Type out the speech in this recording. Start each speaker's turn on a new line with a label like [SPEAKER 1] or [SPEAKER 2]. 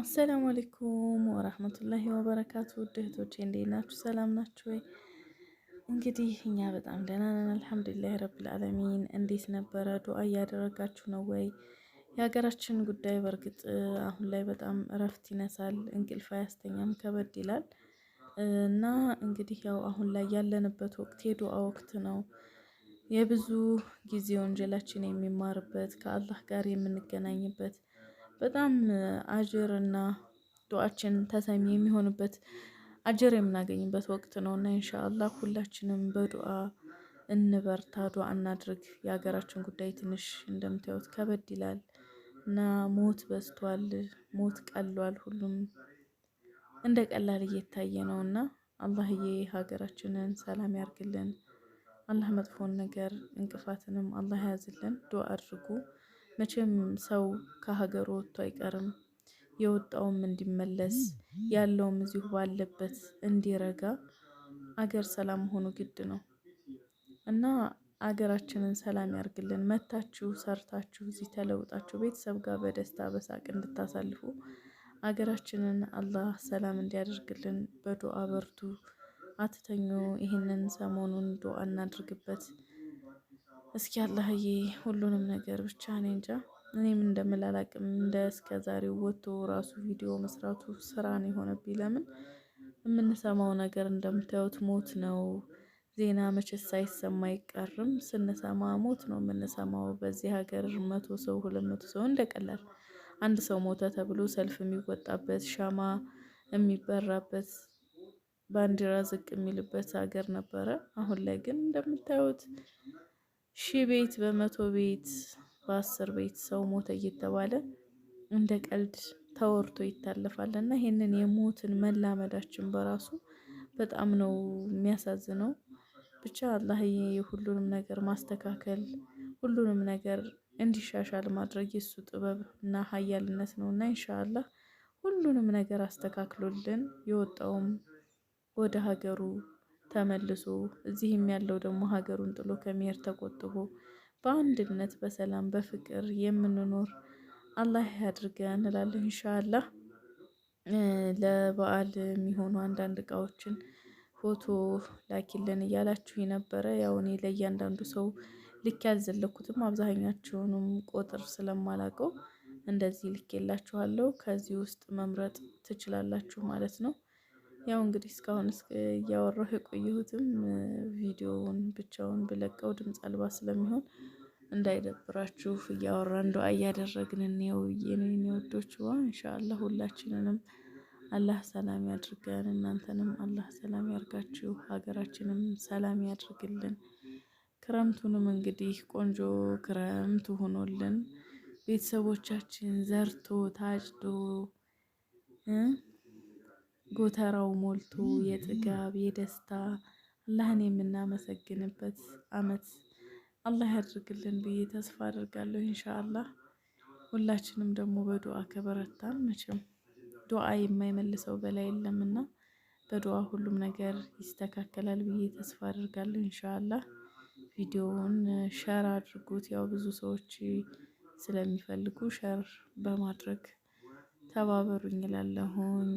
[SPEAKER 1] አሰላሙ አለይኩም ወራህመቱላሂ ወበረካቱ። ውድ እህቶቼ እንዴት ናችሁ? ሰላም ናችሁ ወይ? እንግዲህ እኛ በጣም ደህና ነን አልሐምዱሊላሂ ረብል ዓለሚን። እንዴት ነበረ? ዱአ እያደረጋችሁ ነው ወይ? የሀገራችን ጉዳይ በእርግጥ አሁን ላይ በጣም እረፍት ይነሳል፣ እንቅልፍ አያስተኛም፣ ከበድ ይላል እና እንግዲህ ያው አሁን ላይ ያለንበት ወቅት የዱዓ ወቅት ነው። የብዙ ጊዜ ወንጀላችን የሚማርበት ከአላህ ጋር የምንገናኝበት በጣም አጅርና ዱዓችን ተሰሚ የሚሆንበት አጅር የምናገኝበት ወቅት ነው እና ኢንሻአላህ ሁላችንም በዱዓ እንበርታ፣ ዱዓ እናድርግ። የሀገራችን ጉዳይ ትንሽ እንደምታዩት ከበድ ይላል እና ሞት በዝቷል፣ ሞት ቀሏል። ሁሉም እንደ ቀላል እየታየ ነው እና አላህዬ ሀገራችንን ሰላም ያርግልን። አላህ መጥፎን ነገር እንቅፋትንም አላህ ያዝልን። ዱዓ አድርጉ። መቼም ሰው ከሀገሩ ወጥቶ አይቀርም። የወጣውም እንዲመለስ ያለውም እዚሁ ባለበት እንዲረጋ አገር ሰላም መሆኑ ግድ ነው እና አገራችንን ሰላም ያርግልን። መታችሁ ሰርታችሁ እዚህ ተለውጣችሁ ቤተሰብ ጋር በደስታ በሳቅ እንድታሳልፉ አገራችንን አላህ ሰላም እንዲያደርግልን በዱአ በርቱ፣ አትተኙ። ይህንን ሰሞኑን ዱአ እናድርግበት። እስኪ አላህዬ ሁሉንም ነገር ብቻ እኔ እንጃ እኔም እንደምላላቅም እንደ እስከ ዛሬው ወጥቶ ራሱ ቪዲዮ መስራቱ ስራ ነው የሆነብኝ። ለምን የምንሰማው ነገር እንደምታዩት ሞት ነው። ዜና መቼስ ሳይሰማ አይቀርም። ስንሰማ ሞት ነው የምንሰማው። በዚህ ሀገር መቶ ሰው ሁለት መቶ ሰው እንደቀላል አንድ ሰው ሞተ ተብሎ ሰልፍ የሚወጣበት ሻማ የሚበራበት ባንዲራ ዝቅ የሚልበት ሀገር ነበረ። አሁን ላይ ግን እንደምታዩት ሺህ ቤት በመቶ ቤት በአስር ቤት ሰው ሞተ እየተባለ እንደ ቀልድ ተወርቶ ይታለፋል እና ይህንን የሞትን መላመዳችን በራሱ በጣም ነው የሚያሳዝነው። ብቻ አላህዬ የሁሉንም ነገር ማስተካከል ሁሉንም ነገር እንዲሻሻል ማድረግ የሱ ጥበብ እና ሀያልነት ነው እና ኢንሻአላህ ሁሉንም ነገር አስተካክሎልን የወጣውም ወደ ሀገሩ ተመልሶ እዚህም ያለው ደግሞ ሀገሩን ጥሎ ከመሄድ ተቆጥቦ በአንድነት በሰላም በፍቅር የምንኖር አላህ ያድርገን እላለሁ። ኢንሻአላህ ለበዓል የሚሆኑ አንዳንድ እቃዎችን ፎቶ ላኪልን እያላችሁ የነበረ ያው እኔ ለእያንዳንዱ ሰው ልክ ያልዘለኩትም አብዛኛቸውንም ቁጥር ስለማላቀው እንደዚህ ልክ የላችኋለሁ። ከዚህ ውስጥ መምረጥ ትችላላችሁ ማለት ነው። ያው እንግዲህ እስካሁን እያወራሁ የቆየሁትም ቪዲዮውን ብቻውን ብለቀው ድምፅ አልባ ስለሚሆን እንዳይደብራችሁ እያወራን እንደ እያደረግን እንየው የኔን ወዶች ዋ ኢንሻአላህ ሁላችንንም አላህ ሰላም ያድርገን። እናንተንም አላህ ሰላም ያርጋችሁ። ሀገራችንም ሰላም ያድርግልን። ክረምቱንም እንግዲህ ቆንጆ ክረምት ሆኖልን ቤተሰቦቻችን ዘርቶ ታጭዶ ጎተራው ሞልቶ የጥጋብ የደስታ አላህን የምናመሰግንበት አመት አላህ ያድርግልን ብዬ ተስፋ አድርጋለሁ። ኢንሻአላህ ሁላችንም ደግሞ በዱዓ ከበረታን መቼም ዱዓ የማይመልሰው በላይ የለምና በዱዓ ሁሉም ነገር ይስተካከላል ብዬ ተስፋ አድርጋለሁ። ኢንሻአላህ ቪዲዮውን ሸር አድርጉት። ያው ብዙ ሰዎች ስለሚፈልጉ ሸር በማድረግ ተባበሩኝ እላለሁኝ።